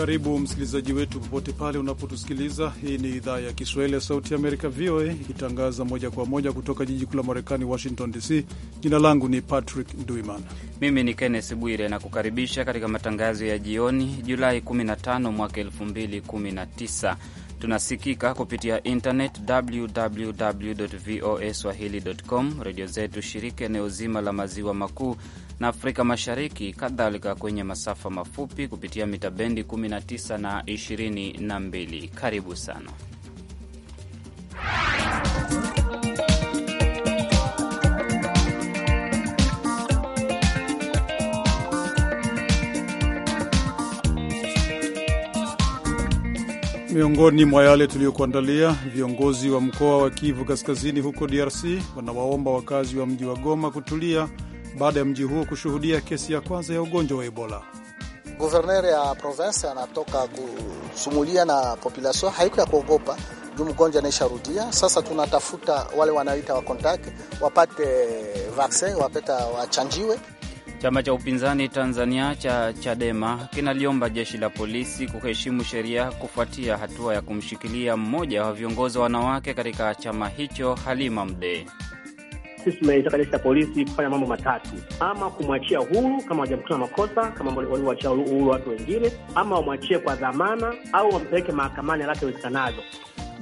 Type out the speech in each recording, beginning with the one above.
Karibu msikilizaji wetu popote pale unapotusikiliza. Hii ni idhaa ya Kiswahili ya Sauti Amerika, VOA, ikitangaza moja kwa moja kutoka jiji kuu la Marekani, Washington DC. Jina langu ni Patrick Nduiman, mimi ni Kennes Bwire na kukaribisha katika matangazo ya jioni, Julai 15 mwaka 2019. Tunasikika kupitia internet www voa swahili com, redio zetu shirika eneo zima la maziwa makuu na Afrika Mashariki, kadhalika kwenye masafa mafupi kupitia mita bendi 19 na 22. Karibu sana. Miongoni mwa yale tuliyokuandalia, viongozi wa mkoa wa Kivu Kaskazini huko DRC wanawaomba wakazi wa mji wa Goma kutulia baada ya mji huo kushuhudia kesi ya kwanza ya ugonjwa wa Ebola. Guverner ya province anatoka kusumulia na population haiko ya kuogopa juu mgonjwa anaisharudia. Sasa tunatafuta wale wanaoita wa contact wapate vaksin, wapeta wachanjiwe. Chama cha upinzani Tanzania cha Chadema kinaliomba jeshi la polisi kuheshimu sheria kufuatia hatua ya kumshikilia mmoja wa viongozi wa wanawake katika chama hicho, Halima Mdee sisi tumeitaka jeshi la polisi kufanya mambo matatu: ama kumwachia huru kama wajamkuta makosa kama waliwachia huru watu wengine, ama wamwachie kwa dhamana au wampeleke mahakamani haraka iwezekanavyo.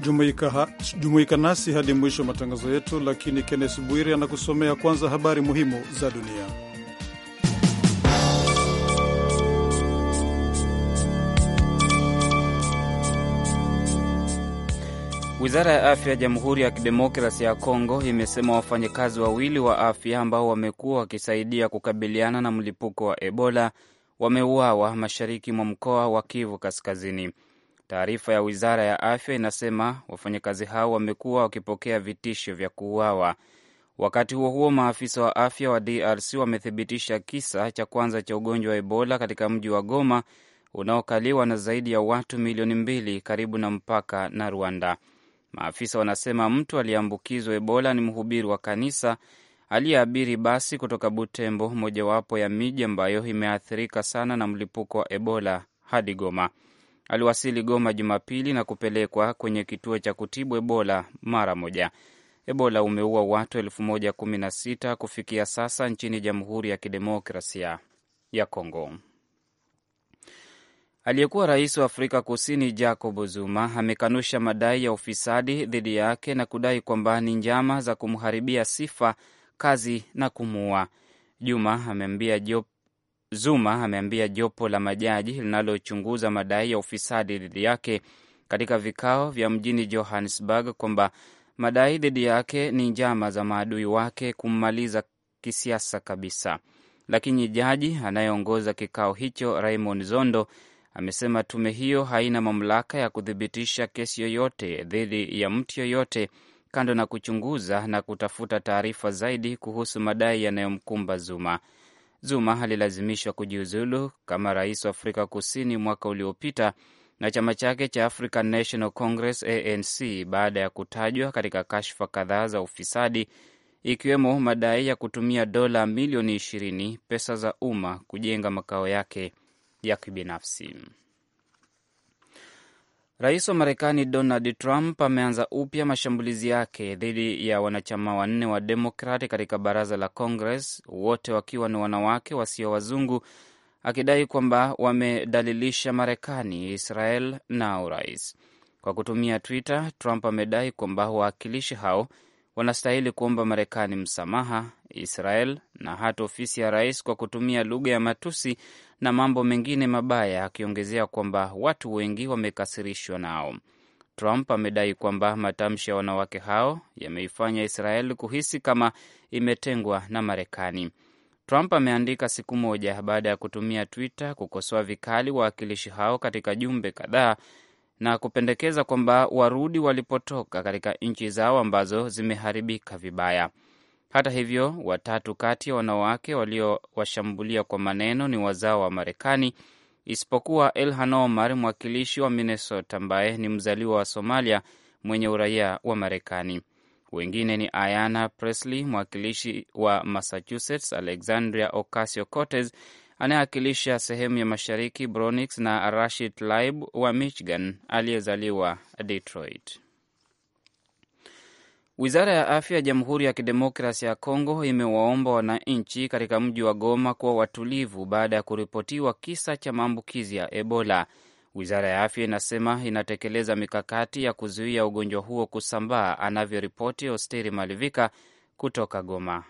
Jumuika, jumuika nasi hadi mwisho wa matangazo yetu, lakini Kennes Bwire anakusomea kwanza habari muhimu za dunia. Wizara ya afya ya Jamhuri ya Kidemokrasi ya Kongo imesema wafanyakazi wawili wa afya ambao wamekuwa wakisaidia kukabiliana na mlipuko wa Ebola wameuawa mashariki mwa mkoa wa Kivu Kaskazini. Taarifa ya wizara ya afya inasema wafanyakazi hao wamekuwa wakipokea vitisho vya kuuawa. Wakati huo huo, maafisa wa afya wa DRC wamethibitisha kisa cha kwanza cha ugonjwa wa Ebola katika mji wa Goma unaokaliwa na zaidi ya watu milioni mbili karibu na mpaka na Rwanda. Maafisa wanasema mtu aliyeambukizwa Ebola ni mhubiri wa kanisa aliyeabiri basi kutoka Butembo, mojawapo ya miji ambayo imeathirika sana na mlipuko wa Ebola, hadi Goma. Aliwasili Goma Jumapili na kupelekwa kwenye kituo cha kutibu Ebola mara moja. Ebola umeua watu 16 kufikia sasa nchini Jamhuri ya Kidemokrasia ya Kongo. Aliyekuwa rais wa Afrika Kusini Jacob Zuma amekanusha madai ya ufisadi dhidi yake na kudai kwamba ni njama za kumharibia sifa, kazi na kumuua. Juma ameambia jop... Zuma ameambia jopo la majaji linalochunguza madai ya ufisadi dhidi yake katika vikao vya mjini Johannesburg kwamba madai dhidi yake ni njama za maadui wake kummaliza kisiasa kabisa. Lakini jaji anayeongoza kikao hicho Raymond Zondo amesema tume hiyo haina mamlaka ya kuthibitisha kesi yoyote dhidi ya mtu yoyote, kando na kuchunguza na kutafuta taarifa zaidi kuhusu madai yanayomkumba Zuma. Zuma alilazimishwa kujiuzulu kama rais wa Afrika Kusini mwaka uliopita na chama chake cha African National Congress ANC baada ya kutajwa katika kashfa kadhaa za ufisadi ikiwemo madai ya kutumia dola milioni 20 pesa za umma kujenga makao yake ya kibinafsi. Rais wa Marekani Donald Trump ameanza upya mashambulizi yake dhidi ya wanachama wanne wa Demokrati katika baraza la Congress, wote wakiwa ni wanawake wasio wazungu, akidai kwamba wamedalilisha Marekani, Israel na urais. Kwa kutumia Twitter, Trump amedai kwamba wawakilishi hao wanastahili kuomba Marekani msamaha, Israel na hata ofisi ya rais kwa kutumia lugha ya matusi na mambo mengine mabaya, akiongezea kwamba watu wengi wamekasirishwa nao. Trump amedai kwamba matamshi ya wanawake hao yameifanya Israel kuhisi kama imetengwa na Marekani. Trump ameandika siku moja baada ya kutumia Twitter kukosoa vikali wawakilishi hao katika jumbe kadhaa na kupendekeza kwamba warudi walipotoka katika nchi zao ambazo zimeharibika vibaya. Hata hivyo, watatu kati ya wanawake waliowashambulia kwa maneno ni wazao wa Marekani, isipokuwa Elhan Omar, mwakilishi wa Minnesota ambaye ni mzaliwa wa Somalia mwenye uraia wa Marekani. Wengine ni Ayana Presley, mwakilishi wa Massachusetts, Alexandria Ocasio Cortez anayewakilisha sehemu ya mashariki bronix na Rashid lib wa Michigan aliyezaliwa Detroit. Wizara ya afya ya Jamhuri ya Kidemokrasi ya Kongo imewaomba wananchi katika mji wa Goma kuwa watulivu baada ya kuripotiwa kisa cha maambukizi ya Ebola. Wizara ya afya inasema inatekeleza mikakati ya kuzuia ugonjwa huo kusambaa, anavyoripoti Osteri Malivika kutoka Goma.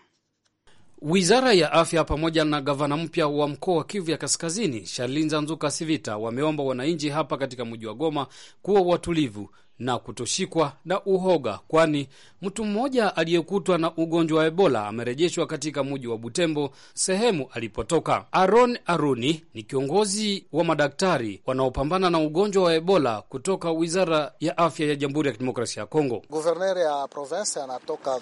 Wizara ya afya pamoja na gavana mpya wa mkoa wa Kivu ya Kaskazini, Shalinza Nzuka Sivita, wameomba wananchi hapa katika mji wa Goma kuwa watulivu na kutoshikwa na uhoga, kwani mtu mmoja aliyekutwa na ugonjwa wa Ebola amerejeshwa katika muji wa Butembo, sehemu alipotoka. aron Aruni ni kiongozi wa madaktari wanaopambana na ugonjwa wa Ebola kutoka Wizara ya Afya ya Jamhuri ya Kidemokrasia ya Kongo. Guverner ya provensi anatoka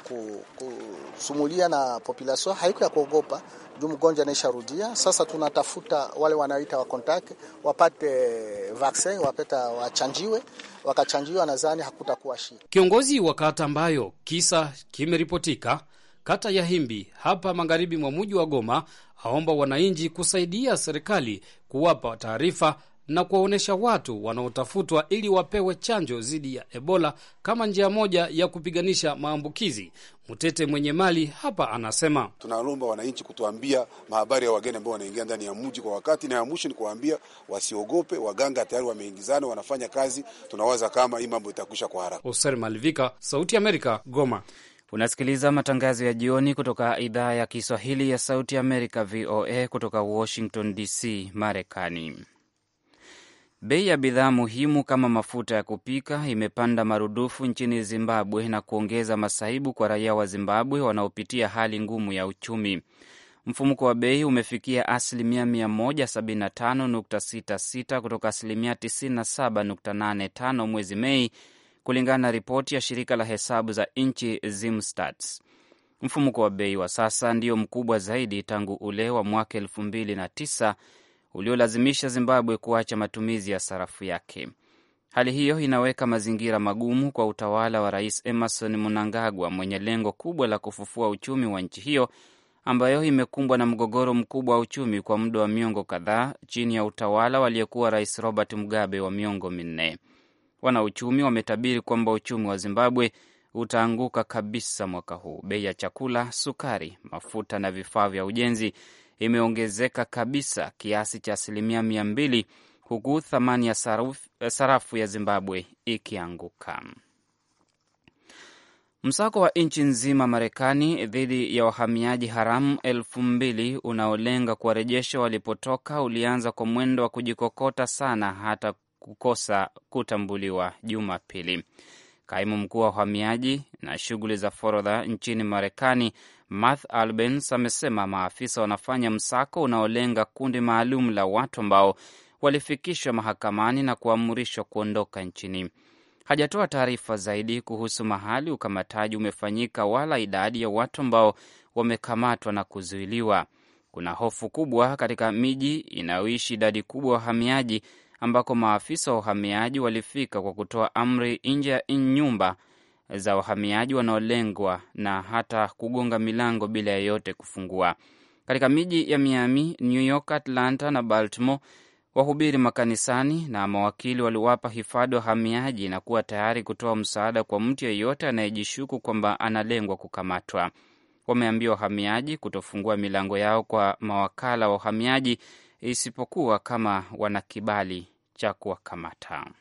kusumulia na populasio haiko ya kuogopa juu mgonjwa anaisharudia. Sasa tunatafuta wale wanaoita wa contact wapate vaccine, wapeta wachanjiwe, wakachanjiwa, nadhani hakutakuwa shida. Kiongozi wa kata ambayo kisa kimeripotika kata ya Himbi hapa magharibi mwa muji wa Goma aomba wananchi kusaidia serikali kuwapa taarifa na kuwaonyesha watu wanaotafutwa ili wapewe chanjo dhidi ya Ebola kama njia moja ya kupiganisha maambukizi. Mtete mwenye mali hapa anasema, tunalomba wananchi kutuambia mahabari ya wageni ambao wanaingia ndani ya mji kwa wakati, na ya mwisho ni kuwaambia wasiogope, waganga tayari wameingizana, wanafanya kazi. Tunawaza kama hii mambo itakwisha kwa haraka. Oser Malivika, Sauti ya Amerika, Goma. Unasikiliza matangazo ya jioni kutoka idhaa ya Kiswahili ya Sauti ya Amerika, VOA, kutoka Washington DC, Marekani. Bei ya bidhaa muhimu kama mafuta ya kupika imepanda marudufu nchini Zimbabwe na kuongeza masaibu kwa raia wa Zimbabwe wanaopitia hali ngumu ya uchumi. Mfumuko wa bei umefikia asilimia 175.66 kutoka asilimia 97.85 mwezi Mei, kulingana na ripoti ya shirika la hesabu za nchi Zimstats. Mfumuko wa bei wa sasa ndio mkubwa zaidi tangu ule wa mwaka 2009 uliolazimisha Zimbabwe kuacha matumizi ya sarafu yake. Hali hiyo inaweka mazingira magumu kwa utawala wa Rais Emerson Mnangagwa mwenye lengo kubwa la kufufua uchumi wa nchi hiyo ambayo imekumbwa na mgogoro mkubwa wa uchumi kwa muda wa miongo kadhaa chini ya utawala waliyekuwa Rais Robert Mugabe wa miongo minne. Wanauchumi wametabiri kwamba uchumi wa Zimbabwe utaanguka kabisa mwaka huu. Bei ya chakula, sukari, mafuta na vifaa vya ujenzi imeongezeka kabisa kiasi cha asilimia mia mbili huku thamani ya eh, sarafu ya Zimbabwe ikianguka. Msako wa nchi nzima Marekani dhidi ya wahamiaji haramu elfu mbili unaolenga kuwarejesha walipotoka ulianza kwa mwendo wa kujikokota sana hata kukosa kutambuliwa Jumapili. Kaimu mkuu wa uhamiaji na shughuli za forodha nchini Marekani, Math Albens, amesema maafisa wanafanya msako unaolenga kundi maalum la watu ambao walifikishwa mahakamani na kuamrishwa kuondoka nchini. Hajatoa taarifa zaidi kuhusu mahali ukamataji umefanyika wala idadi ya watu ambao wamekamatwa na kuzuiliwa. Kuna hofu kubwa katika miji inayoishi idadi kubwa ya wahamiaji ambako maafisa wa uhamiaji walifika kwa kutoa amri nje ya nyumba za wahamiaji wanaolengwa na hata kugonga milango bila yeyote kufungua. Katika miji ya Miami, New York, Atlanta na Baltimore, wahubiri makanisani na mawakili waliwapa hifadhi wahamiaji na kuwa tayari kutoa msaada kwa mtu yeyote anayejishuku kwamba analengwa kukamatwa. Wameambia wahamiaji kutofungua milango yao kwa mawakala wa uhamiaji isipokuwa kama wana kibali cha kuwakamata.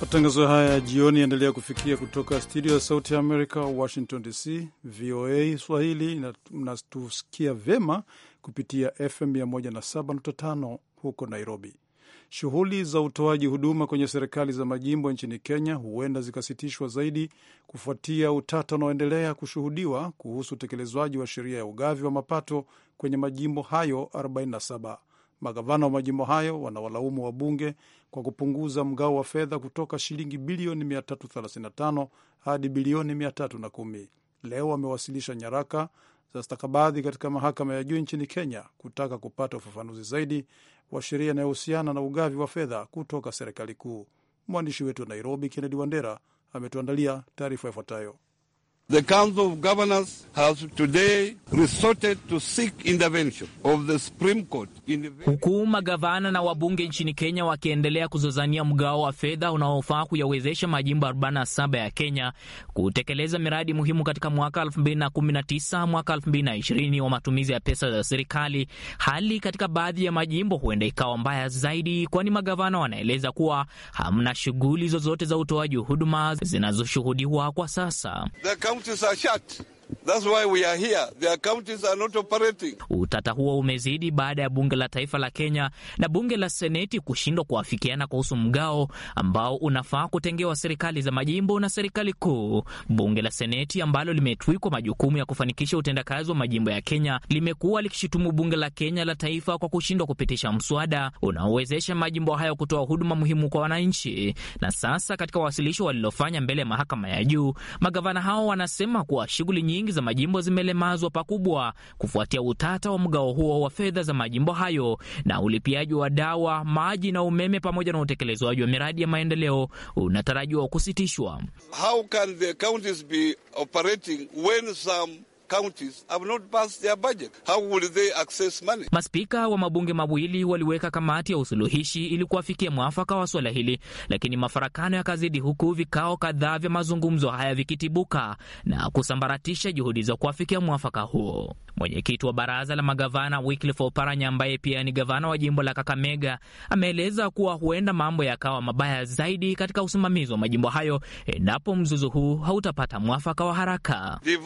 Matangazo haya ya jioni yaendelea kufikia kutoka studio ya Sauti ya Amerika, Washington DC. VOA Swahili mnatusikia vyema kupitia FM 107.5 huko Nairobi. Shughuli za utoaji huduma kwenye serikali za majimbo nchini Kenya huenda zikasitishwa zaidi kufuatia utata unaoendelea kushuhudiwa kuhusu utekelezwaji wa sheria ya ugavi wa mapato kwenye majimbo hayo 47. Magavana wa majimbo hayo wanawalaumu wabunge kwa kupunguza mgao wa fedha kutoka shilingi bilioni 335 hadi bilioni 310. Leo wamewasilisha nyaraka za stakabadhi katika mahakama ya juu nchini Kenya kutaka kupata ufafanuzi zaidi wa sheria inayohusiana na ugavi wa fedha kutoka serikali kuu. Mwandishi wetu wa Nairobi, Kennedy Wandera, ametuandalia taarifa ifuatayo. The Council of Governors has today resorted to seek intervention of the Supreme Court in... Huku magavana na wabunge nchini Kenya wakiendelea kuzozania mgao wa fedha unaofaa kuyawezesha majimbo 47 ya Kenya kutekeleza miradi muhimu katika mwaka 2019 mwaka 2020 wa matumizi ya pesa za serikali, hali katika baadhi ya majimbo huenda ikawa mbaya zaidi, kwani magavana wanaeleza kuwa hamna shughuli zozote za utoaji huduma zinazoshuhudiwa kwa sasa The mutu saa shat That's why we are here. Their counties are not operating. Utata huo umezidi baada ya bunge la taifa la Kenya na bunge la seneti kushindwa kuafikiana kuhusu mgao ambao unafaa kutengewa serikali za majimbo na serikali kuu. Bunge la seneti ambalo limetwikwa majukumu ya kufanikisha utendakazi wa majimbo ya Kenya limekuwa likishutumu bunge la Kenya la taifa kwa kushindwa kupitisha mswada unaowezesha majimbo hayo kutoa huduma muhimu kwa wananchi. Na sasa katika wawasilisho walilofanya mbele ya mahakama ya juu, magavana hao wanasema kuwa shughuli nyingi nyingi za majimbo zimelemazwa pakubwa kufuatia utata wa mgao huo wa fedha za majimbo hayo na ulipiaji wa dawa, maji na umeme pamoja na utekelezwaji wa miradi ya maendeleo unatarajiwa kusitishwa. How can the counties be operating when some counties have not passed their budget. How will they access money? Maspika wa mabunge mawili waliweka kamati ya usuluhishi ili kuwafikia mwafaka wa swala hili, lakini mafarakano yakazidi huku vikao kadhaa vya mazungumzo haya vikitibuka na kusambaratisha juhudi za kuwafikia mwafaka huo. Mwenyekiti wa baraza la magavana Wycliffe Oparanya, ambaye pia ni gavana wa jimbo la Kakamega, ameeleza kuwa huenda mambo yakawa mabaya zaidi katika usimamizi wa majimbo hayo endapo mzozo huu hautapata mwafaka wa haraka. The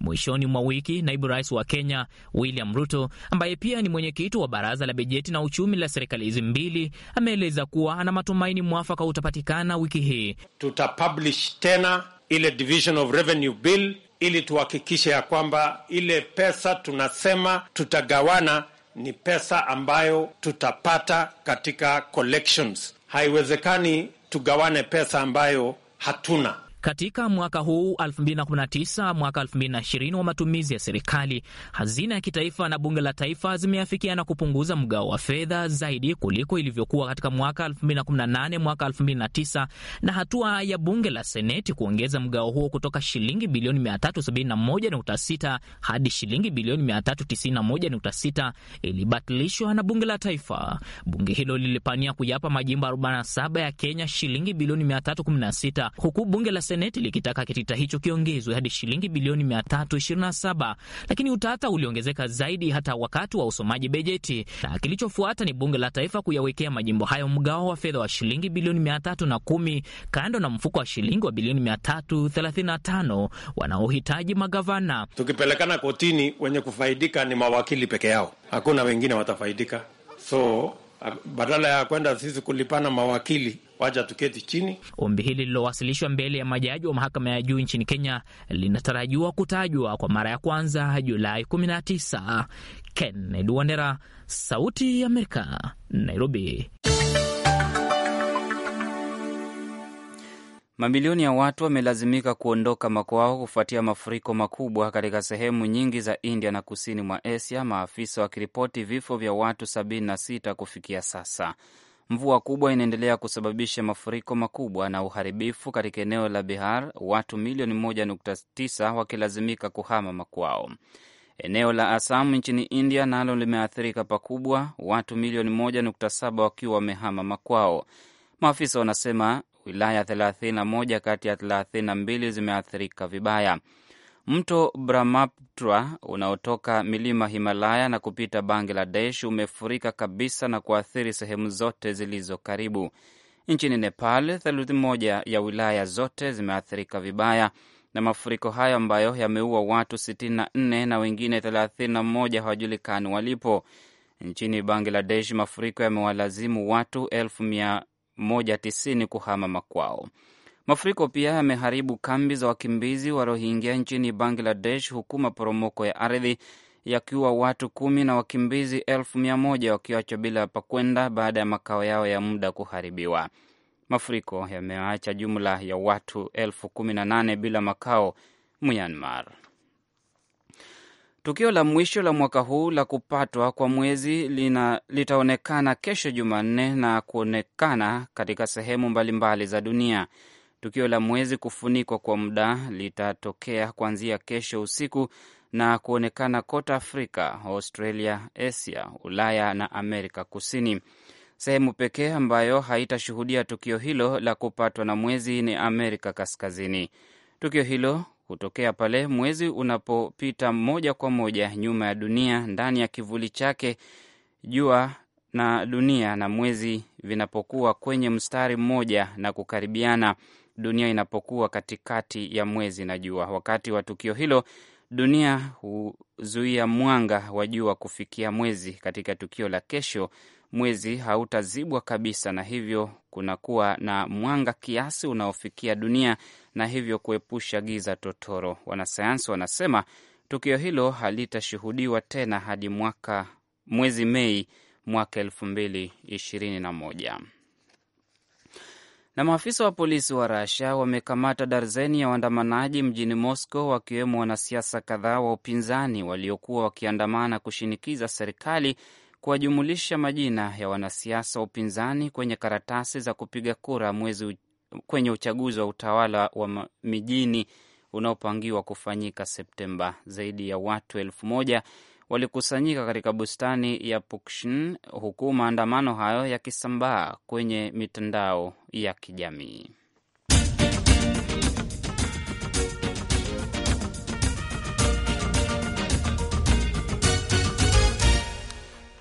Mwishoni mwa wiki, naibu rais wa Kenya William Ruto, ambaye pia ni mwenyekiti wa baraza la bajeti na uchumi la serikali hizi mbili, ameeleza kuwa ana matumaini mwafaka utapatikana wiki hii. Tutapublish tena ile division of revenue bill ili tuhakikishe ya kwamba ile pesa tunasema tutagawana ni pesa ambayo tutapata katika collections. Haiwezekani tugawane pesa ambayo hatuna. Katika mwaka huu 2019 mwaka 2020 wa matumizi ya serikali, hazina ya kitaifa na bunge la taifa zimeafikia na kupunguza mgao wa fedha zaidi kuliko ilivyokuwa katika mwaka 2018 mwaka 2009, na hatua ya bunge la seneti kuongeza mgao huo kutoka shilingi bilioni 371.6 hadi shilingi bilioni 391.6 ilibatilishwa na bunge la taifa. Bunge hilo lilipania kuyapa majimbo 47 ya Kenya shilingi bilioni 316 huku bunge la Seneti likitaka kitita hicho kiongezwe hadi shilingi bilioni 327, lakini utata uliongezeka zaidi hata wakati wa usomaji bejeti na kilichofuata ni bunge la taifa kuyawekea majimbo hayo mgao wa fedha wa shilingi bilioni 310, kando na mfuko wa shilingi wa bilioni 335 wanaohitaji magavana. Tukipelekana kotini, wenye kufaidika ni mawakili peke yao, hakuna wengine watafaidika. So badala ya kwenda sisi kulipana mawakili waja tuketi chini. Ombi hili lilowasilishwa mbele ya majaji wa mahakama ya juu nchini Kenya linatarajiwa kutajwa kwa mara ya kwanza Julai 19. Kennedy Wandera, Sauti ya Amerika, Nairobi. Mamilioni ya watu wamelazimika kuondoka makwao kufuatia mafuriko makubwa katika sehemu nyingi za India na kusini mwa Asia, maafisa wakiripoti vifo vya watu 76 kufikia sasa. Mvua kubwa inaendelea kusababisha mafuriko makubwa na uharibifu katika eneo la Bihar, watu milioni 1.9 wakilazimika kuhama makwao. Eneo la Assam nchini India nalo limeathirika pakubwa, watu milioni 1.7 wakiwa wamehama makwao. Maafisa wanasema wilaya 31 kati ya 32 zimeathirika vibaya. Mto Brahmaputra unaotoka milima Himalaya na kupita Bangladesh umefurika kabisa na kuathiri sehemu zote zilizo karibu. Nchini Nepal, theluthi moja ya wilaya zote zimeathirika vibaya na mafuriko hayo ambayo yameua watu 64 na wengine 31 hawajulikani walipo. Nchini Bangladesh, mafuriko yamewalazimu watu 190 kuhama makwao. Mafuriko pia yameharibu kambi za wakimbizi wa Rohingya nchini Bangladesh, huku maporomoko ya ardhi yakiwa watu kumi na wakimbizi elfu mia moja wakiachwa bila pa kwenda baada ya makao yao ya muda kuharibiwa. Mafuriko yameacha jumla ya watu elfu kumi na nane bila makao Myanmar. Tukio la mwisho la mwaka huu la kupatwa kwa mwezi lina, litaonekana kesho Jumanne na kuonekana katika sehemu mbalimbali mbali za dunia. Tukio la mwezi kufunikwa kwa muda litatokea kuanzia kesho usiku na kuonekana kote Afrika, Australia, Asia, Ulaya na Amerika Kusini. Sehemu pekee ambayo haitashuhudia tukio hilo la kupatwa na mwezi ni Amerika Kaskazini. Tukio hilo hutokea pale mwezi unapopita moja kwa moja nyuma ya dunia ndani ya kivuli chake, jua na dunia na mwezi vinapokuwa kwenye mstari mmoja na kukaribiana dunia inapokuwa katikati ya mwezi na jua. Wakati wa tukio hilo, dunia huzuia mwanga wa jua kufikia mwezi. Katika tukio la kesho, mwezi hautazibwa kabisa, na hivyo kunakuwa na mwanga kiasi unaofikia dunia na hivyo kuepusha giza totoro. Wanasayansi wanasema tukio hilo halitashuhudiwa tena hadi mwaka mwezi Mei mwaka elfu mbili ishirini na moja. Na maafisa wa polisi wa rasia wamekamata darzeni ya waandamanaji mjini Moscow, wakiwemo wanasiasa kadhaa wa upinzani waliokuwa wakiandamana kushinikiza serikali kuwajumulisha majina ya wanasiasa wa upinzani kwenye karatasi za kupiga kura mwezi kwenye uchaguzi wa utawala wa mijini unaopangiwa kufanyika Septemba. Zaidi ya watu elfu moja walikusanyika katika bustani ya Pukshin huku maandamano hayo yakisambaa kwenye mitandao ya kijamii.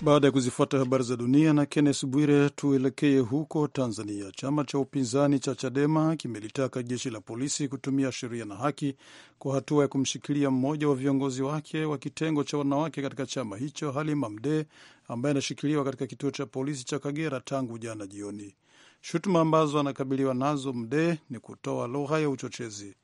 Baada ya kuzifuata habari za dunia na Kennes Bwire, tuelekee huko Tanzania. Chama cha upinzani cha Chadema kimelitaka jeshi la polisi kutumia sheria na haki kwa hatua ya kumshikilia mmoja wa viongozi wake wa kitengo cha wanawake katika chama hicho, Halima mde ambaye anashikiliwa katika kituo cha polisi cha Kagera tangu jana jioni. Shutuma ambazo anakabiliwa nazo mde ni kutoa lugha ya uchochezi.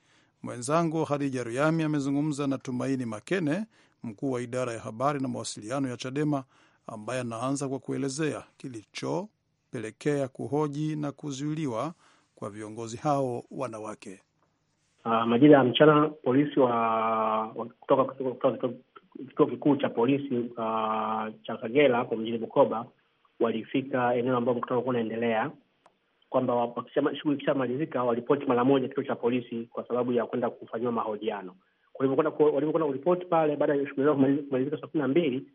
Mwenzangu Hadija Riami amezungumza na Tumaini Makene, mkuu wa idara ya habari na mawasiliano ya Chadema ambaye anaanza kwa kuelezea kilichopelekea kuhoji na kuzuiliwa kwa viongozi hao wanawake. Uh, majira ya mchana polisi wa, wa kutoka, kituo kikuu cha polisi uh, cha Kagera hapo mjini Bukoba walifika eneo ambayo mkutano ulikuwa unaendelea, kwamba shughuli ikishamalizika waripoti mara moja kituo cha polisi kwa sababu ya kwenda kufanyiwa mahojiano. Walivyokwenda kuripoti pale baada ya shughuli zao kumalizika saa kumi na mbili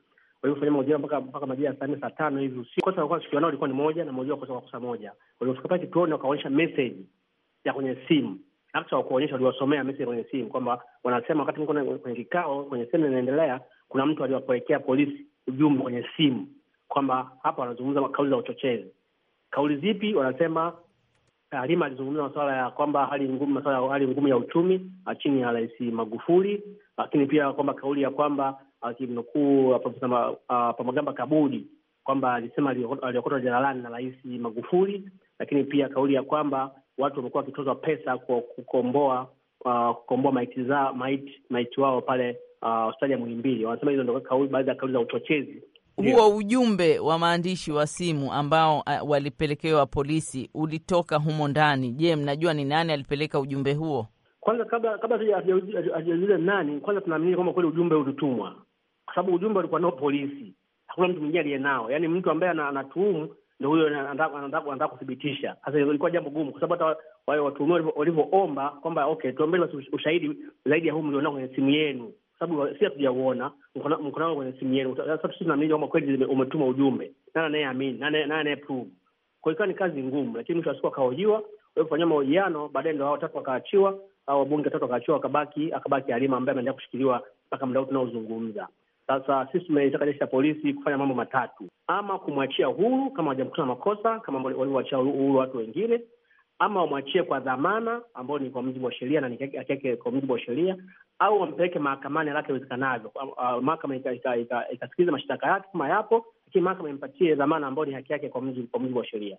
kwa hiyo fanya mahojiano mpaka mpaka majira ya saa nne saa tano hivi usiku. Kosa walikuwa washukiwa nao ilikuwa ni moja na mmoja wakosa kwa kosa moja. Kwa Walipofika pale kituoni wakaonyesha message ya kwenye simu hata wakuonyesha, waliwasomea message kwenye simu kwamba wanasema, wakati niko kwenye kikao, kwenye semina inaendelea, kuna mtu aliwapelekea polisi ujumbe kwenye simu kwamba hapa wanazungumza kauli za uchochezi. Kauli zipi? Wanasema eh, Halima alizungumza masuala ya kwamba hali ngumu, masuala ya hali ngumu ya uchumi ah, chini ya Rais Magufuli, lakini pia kwamba kauli ya kwamba akimnukuu Profesa ah, Palamagamba Kabudi kwamba alisema aliokotwa jalalani na Rais Magufuli, lakini pia kauli ya kwamba watu wamekuwa wakitozwa pesa kwa kukomboa uh, kukomboa maiti za maiti maiti wao pale ah, hospitali uh, ya Muhimbili. Wanasema hizo ndo kauli, baadhi ya kauli za uchochezi. Huo ujumbe wa maandishi wa simu ambao uh, walipelekewa polisi ulitoka humo ndani. Je, mnajua ni nani alipeleka ujumbe huo? Kwanza kabla kabla hatujajua nani, kwanza tunaamini kwamba kweli ujumbe ulitumwa kwa sababu ujumbe ulikuwa nao polisi, hakuna mtu mwingine aliye nao. Yani mtu ambaye anatuhumu ndo huyo anataka kuthibitisha. Sasa ilikuwa jambo gumu, kwa sababu hata wale watuhumiwa walivyoomba kwamba okay, tuombeni basi ushahidi zaidi ya huu mlionao kwenye simu yenu, kwa sababu si hatujauona mkonao kwenye simu yenu. Sasa sisi tunaamini kwamba kweli umetuma ujumbe, nani anayeamini, nani anayeprove? Kwa hiyo ni kazi ngumu, lakini mwisho wa siku akahojiwa, walifanyia mahojiano, baadaye ndo hao watatu wakaachiwa, au wabunge watatu wakaachiwa, wakabaki akabaki Halima ambaye ameendelea kushikiliwa mpaka muda huu tunaozungumza. Sasa sisi la polisi kufanya mambo matatu, ama kumwachia huru kama wajamkuta makosa kama waliwachia huru watu wengine, ama wamwachie kwa dhamana ambayo ni kwa mujibu wa sheria na ni haki yake kwa mujibu wa sheria, au wampeleke mahakamani haraka iwezekanavyo, uh, mahakama ikasikiliza mashtaka yake kama yapo, lakini mahakama impatie dhamana ambayo ni haki yake kwa mujibu wa sheria.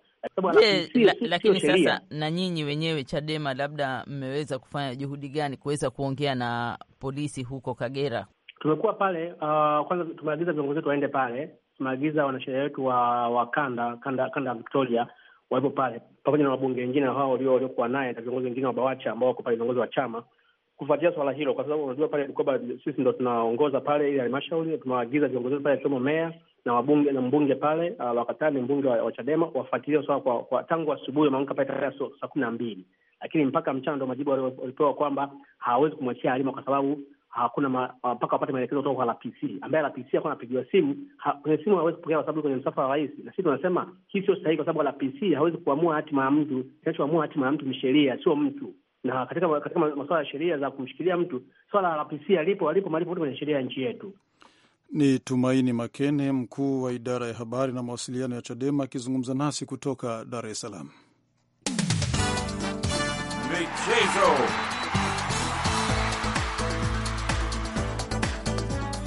Lakini sasa, na nyinyi wenyewe Chadema, labda mmeweza kufanya juhudi gani kuweza kuongea na polisi huko Kagera Tumekuwa pale uh, kwanza tumeagiza viongozi wetu waende pale, tumeagiza wanasheria wetu wa, wa kanda kanda kanda ya Victoria wawepo pale pamoja na wabunge wengine hao waliokuwa naye na viongozi wengine wa BAWACHA ambao wako pale, viongozi wa chama kufuatia swala hilo, kwa sababu unajua pale Bukoba sisi ndo tunaongoza pale ile halmashauri. Tumewaagiza viongozi wetu pale akiwemo meya na wabunge na mbunge pale uh, wakatani mbunge wa, wa Chadema wafuatilie swala kwa, kwa tangu asubuhi wameamka pale tarehe saa kumi na mbili, lakini mpaka mchana ndo majibu walipewa kwamba hawawezi kumwachia Halima kwa sababu hakuna mpaka wapate maelekezo kutoka kwa LPC, ambaye LPC akuwa anapigiwa simu kwenye simu hawezi kupokea, kwa sababu kwenye msafara wa rais. Na sisi tunasema hii sio sahihi, kwa sababu LPC hawezi kuamua hatima ya mtu. Kinachoamua hatima ya mtu ni sheria, sio mtu na katika katika masuala ya sheria za kumshikilia mtu swala la LPC alipo alipo malipo kwenye sheria ya nchi yetu. Ni Tumaini Makene, mkuu wa idara ya habari na mawasiliano ya Chadema, akizungumza nasi kutoka Dar es Salaam. Michezo.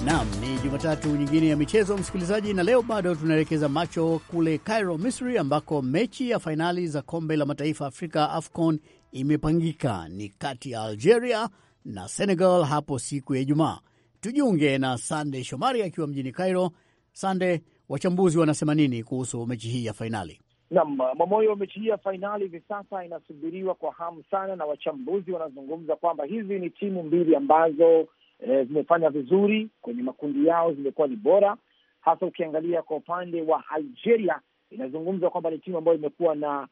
Nam, ni Jumatatu nyingine ya michezo msikilizaji, na leo bado tunaelekeza macho kule Cairo, Misri, ambako mechi ya fainali za kombe la mataifa Afrika AFCON imepangika ni kati ya Algeria na Senegal hapo siku ya Ijumaa. Tujiunge na Sande Shomari akiwa mjini Cairo. Sande, wachambuzi wanasema nini kuhusu mechi hii ya fainali? Nam, Mamoyo, mechi hii ya fainali hivi sasa inasubiriwa kwa hamu sana, na wachambuzi wanazungumza kwamba hizi ni timu mbili ambazo e, zimefanya vizuri kwenye makundi yao, zimekuwa ni bora, hasa ukiangalia kwa upande wa Algeria. Inazungumzwa kwamba ni timu ambayo imekuwa na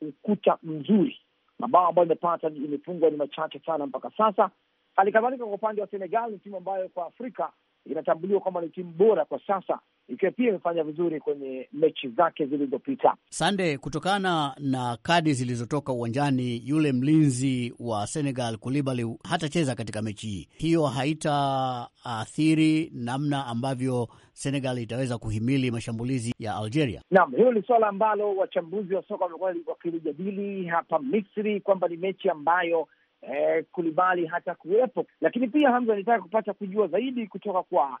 ukuta mzuri, mabao ambayo imepata imefungwa ni machache sana mpaka sasa. Hali kadhalika kwa upande wa Senegal, ni timu ambayo kwa Afrika inatambuliwa kwamba ni timu bora kwa sasa, ikiwa pia imefanya vizuri kwenye mechi zake zilizopita. Sande, kutokana na kadi zilizotoka uwanjani, yule mlinzi wa Senegal Kulibali hatacheza katika mechi hii. Hiyo haitaathiri namna ambavyo Senegal itaweza kuhimili mashambulizi ya Algeria. Naam, hilo ni suala ambalo wachambuzi wa soka wamekuwa wakilijadili hapa Misri kwamba ni mechi ambayo eh, Kulibali hata kuwepo, lakini pia Hamza, nitaka kupata kujua zaidi kutoka kwa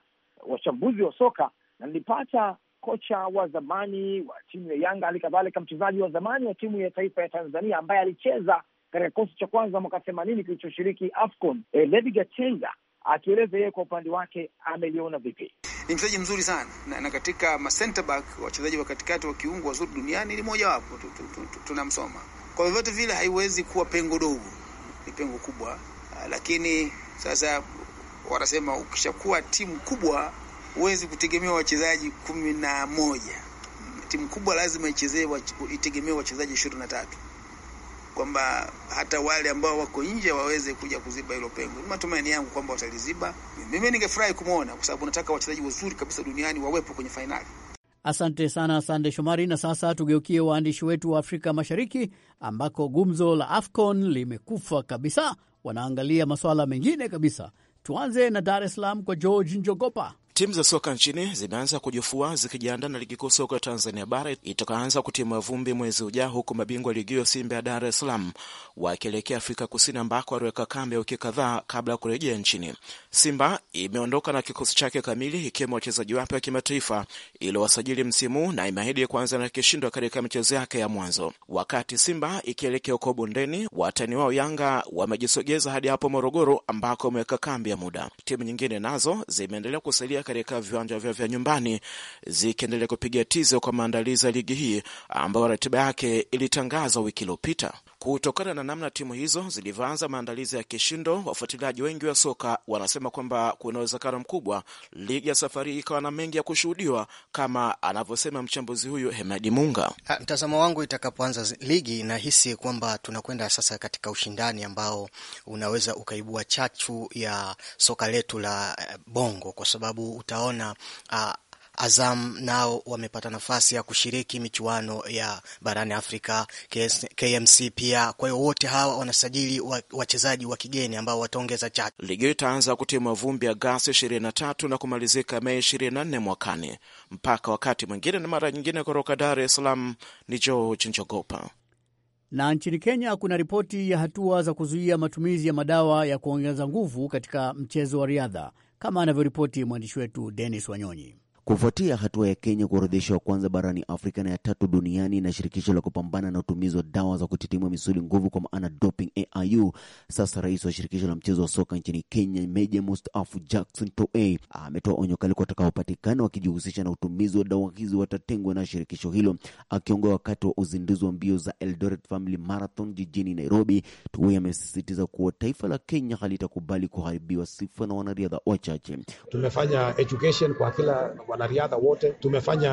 wachambuzi wa soka na nilipata kocha wa zamani wa timu ya Yanga, hali kadhalika mchezaji wa zamani wa timu ya taifa ya Tanzania ambaye alicheza katika kikosi cha kwanza mwaka themanini kilichoshiriki AFCON e, eh, Levi Gatenga akieleza yeye kwa upande wake ameliona vipi. Ni mchezaji mzuri sana na, na katika masenta back wachezaji wa katikati wa kiungo wazuri duniani ni mojawapo tunamsoma kwa vyovyote vile, haiwezi kuwa pengo dogo, ni pengo kubwa, ah, lakini sasa wanasema ukishakuwa timu kubwa huwezi kutegemea wachezaji kumi na moja. Timu kubwa lazima ichezee itegemee wachezaji ishirini na tatu kwamba hata wale ambao wako nje waweze kuja kuziba hilo pengo. Ni matumaini yangu kwamba wataliziba. Mimi ningefurahi kumwona kwa sababu nataka wachezaji wazuri kabisa duniani wawepo kwenye fainali. Asante sana Sande Shomari. Na sasa tugeukie waandishi wetu wa Afrika Mashariki ambako gumzo la AFCON limekufa kabisa, wanaangalia masuala mengine kabisa. Tuanze na Dar es Salaam kwa George Njogopa. Timu za soka nchini zimeanza kujifua zikijiandaa na ligi kuu soka ya Tanzania bara itakaanza kutimua vumbi mwezi ujao, huku mabingwa ligi hiyo Simba ya Dar es Salaam wakielekea Afrika Kusini ambako waliweka kambi ya wiki kadhaa kabla ya kurejea nchini. Simba imeondoka na kikosi chake kamili, ikiwemo wachezaji wapya wa kimataifa iliyowasajili msimu na imeahidi kuanza na kishindo katika michezo yake ya mwanzo. Wakati Simba ikielekea huko bondeni, watani wao Yanga wamejisogeza hadi hapo Morogoro ambako wameweka kambi ya muda. Timu nyingine nazo zimeendelea kusalia moja katika viwanja vyao vya nyumbani zikiendelea kupiga tizo kwa maandalizi ya ligi hii ambayo ratiba yake ilitangazwa wiki iliyopita. Kutokana na namna timu hizo zilivyoanza maandalizi ya kishindo, wafuatiliaji wengi wa soka wanasema kwamba kuna uwezekano mkubwa ligi ya safari ikawa na mengi ya kushuhudiwa, kama anavyosema mchambuzi huyu Hemedi Munga. Mtazamo wangu, itakapoanza ligi, nahisi kwamba tunakwenda sasa katika ushindani ambao unaweza ukaibua chachu ya soka letu la eh, bongo, kwa sababu utaona uh, Azam nao wamepata nafasi ya kushiriki michuano ya barani Afrika KMC pia. Kwa hiyo wote hawa wanasajili wachezaji wa kigeni ambao wataongeza chachu. Ligi hiyo itaanza kutimwa vumbi Agasti 23 na kumalizika Mei 24 mwakani. Mpaka wakati mwingine na mara nyingine, kutoka Dar es Salaam ni George Njogopa. Na nchini Kenya kuna ripoti ya hatua za kuzuia matumizi ya madawa ya kuongeza nguvu katika mchezo wa riadha, kama anavyoripoti mwandishi wetu Denis Wanyonyi. Kufuatia hatua ya Kenya kuorodheshwa wa kwanza barani Afrika na ya tatu duniani na shirikisho la kupambana na utumizi wa dawa za kutitimua misuli nguvu kwa maana doping AIU, sasa rais wa shirikisho la mchezo wa soka nchini Kenya Meja Mustafu Jackson Toey ametoa onyo kali kwa watakaopatikana wakijihusisha na utumizi wa dawa hizi watatengwa na shirikisho hilo. Akiongea wakati wa uzinduzi wa mbio za Eldoret Family Marathon jijini Nairobi, Toey amesisitiza kuwa taifa la Kenya halitakubali kuharibiwa sifa na wanariadha wachache. Tumefanya education kwa kila wanariadha wote, tumefanya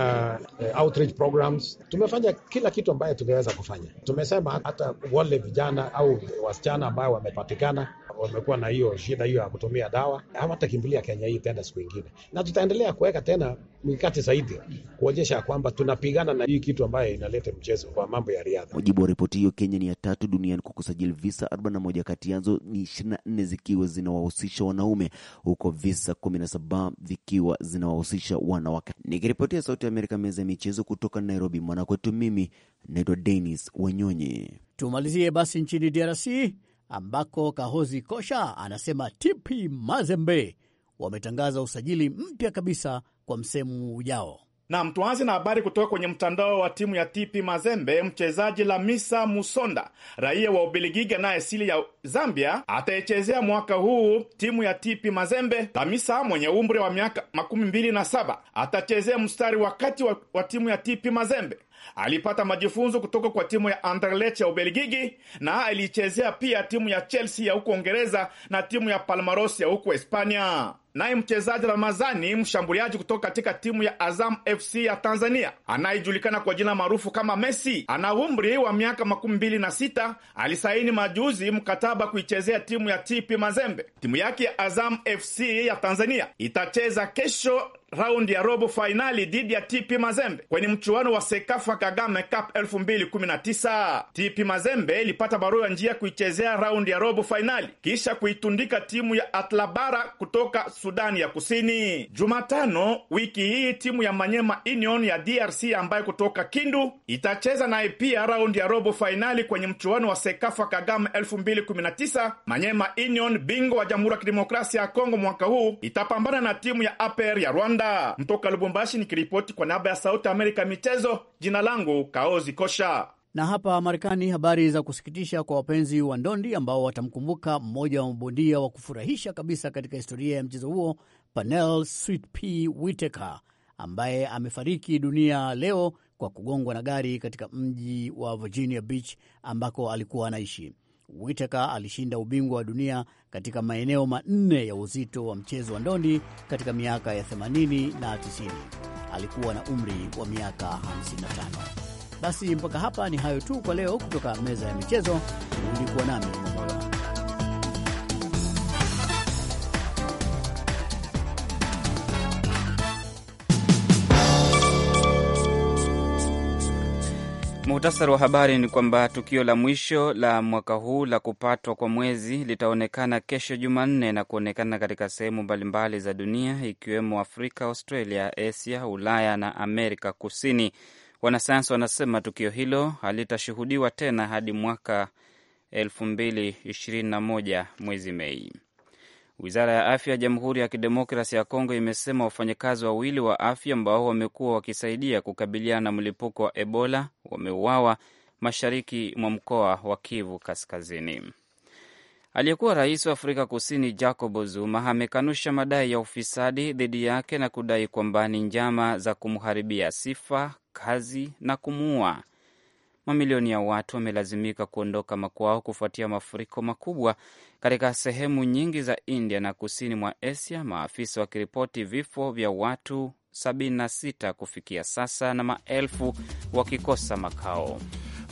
uh, outreach programs, tumefanya kila kitu ambayo tungeweza kufanya. Tumesema hata wale vijana au wasichana ambayo wamepatikana wamekuwa na hiyo shida hiyo ya kutumia dawa, hawatakimbilia Kenya hii tena siku ingine, na tutaendelea kuweka tena mikati zaidi kuonyesha kwamba tunapigana na hii kitu ambayo inaleta mchezo kwa mambo ya riadha. Mujibu wa ripoti hiyo, Kenya ni ya tatu duniani kwa kusajili visa 41, kati yazo ni 24 zikiwa zinawahusisha wanaume, huko visa 17 vikiwa zinawahusisha wanawake. Nikiripotia Sauti ya Amerika, meza ya michezo kutoka Nairobi, mwanakwetu, mimi naitwa Dennis Wanyonyi. Tumalizie basi nchini DRC ambako Kahozi Kosha anasema TP Mazembe wametangaza usajili mpya kabisa kwa msimu ujao. Nam, tuanze na habari kutoka kwenye mtandao wa timu ya TP Mazembe. Mchezaji Lamisa Musonda, raia wa Ubelgiji anaye asili ya Zambia, atayechezea mwaka huu timu ya TP Mazembe. Lamisa mwenye umri wa miaka makumi mbili na saba atachezea mstari wa kati wa, wa timu ya TP Mazembe. Alipata majifunzo kutoka kwa timu ya Anderlecht ya Ubelgiji na aliichezea pia timu ya Chelsea ya huko Uingereza na timu ya Palmaros ya huko Hispania. Naye mchezaji Ramazani, mshambuliaji kutoka katika timu ya Azam FC ya Tanzania anayejulikana kwa jina maarufu kama Messi, ana umri wa miaka makumi mbili na sita. Alisaini majuzi mkataba kuichezea timu ya TP Mazembe. Timu yake ya Azam FC ya Tanzania itacheza kesho raundi ya robo fainali dhidi ya TP Mazembe kwenye mchuano wa Sekafa Kagame Cup 2019. TP Mazembe ilipata barua ya njia kuichezea raundi ya robo fainali kisha kuitundika timu ya Atlabara kutoka Sudani ya Kusini. Jumatano wiki hii timu ya Manyema Union ya DRC ambayo kutoka Kindu itacheza naye pia raundi ya robo fainali kwenye mchuano wa Sekafa Kagame 2019. Manyema Union, bingwa wa Jamhuri ya Kidemokrasia ya Kongo mwaka huu, itapambana na timu ya APR ya Rwanda. Rwanda. Mtoka Lubumbashi nikiripoti kwa niaba ya Sauti Amerika michezo, jina langu Kaozi Kosha. Na hapa Marekani, habari za kusikitisha kwa wapenzi wa ndondi ambao watamkumbuka mmoja wa mabondia wa kufurahisha kabisa katika historia ya mchezo huo, Pernell Sweet Pea Whitaker ambaye amefariki dunia leo kwa kugongwa na gari katika mji wa Virginia Beach ambako alikuwa anaishi. Whittaker alishinda ubingwa wa dunia katika maeneo manne ya uzito wa mchezo wa ndondi katika miaka ya 80 na 90. Alikuwa na umri wa miaka 55. Basi mpaka hapa ni hayo tu kwa leo, kutoka meza ya michezo. Ulikuwa nami Mabala. Muhtasari wa habari ni kwamba tukio la mwisho la mwaka huu la kupatwa kwa mwezi litaonekana kesho Jumanne na kuonekana katika sehemu mbalimbali za dunia ikiwemo Afrika, Australia, Asia, Ulaya na Amerika Kusini. Wanasayansi wanasema tukio hilo halitashuhudiwa tena hadi mwaka 2021 mwezi Mei. Wizara ya afya ya Jamhuri ya Kidemokrasi ya Kongo imesema wafanyakazi wawili wa afya ambao wamekuwa wakisaidia kukabiliana na mlipuko wa Ebola wameuawa mashariki mwa mkoa wa Kivu Kaskazini. Aliyekuwa rais wa Afrika Kusini Jacob Zuma amekanusha madai ya ufisadi dhidi yake na kudai kwamba ni njama za kumharibia sifa, kazi na kumuua mamilioni ya watu wamelazimika kuondoka makwao kufuatia mafuriko makubwa katika sehemu nyingi za India na kusini mwa Asia, maafisa wakiripoti vifo vya watu 76 kufikia sasa na maelfu wakikosa makao.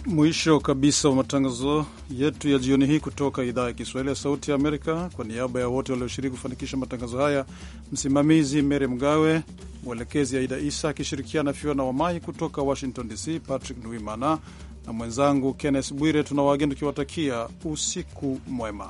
Mwisho kabisa wa matangazo yetu ya jioni hii kutoka idhaa ya Kiswahili ya Sauti ya Amerika. Kwa niaba ya wote walioshiriki kufanikisha matangazo haya, msimamizi Mary Mgawe, mwelekezi Aida Isa akishirikiana Fiona Wamai kutoka Washington DC, Patrick Nuimana na mwenzangu Kenneth Bwire, tuna wageni tukiwatakia usiku mwema.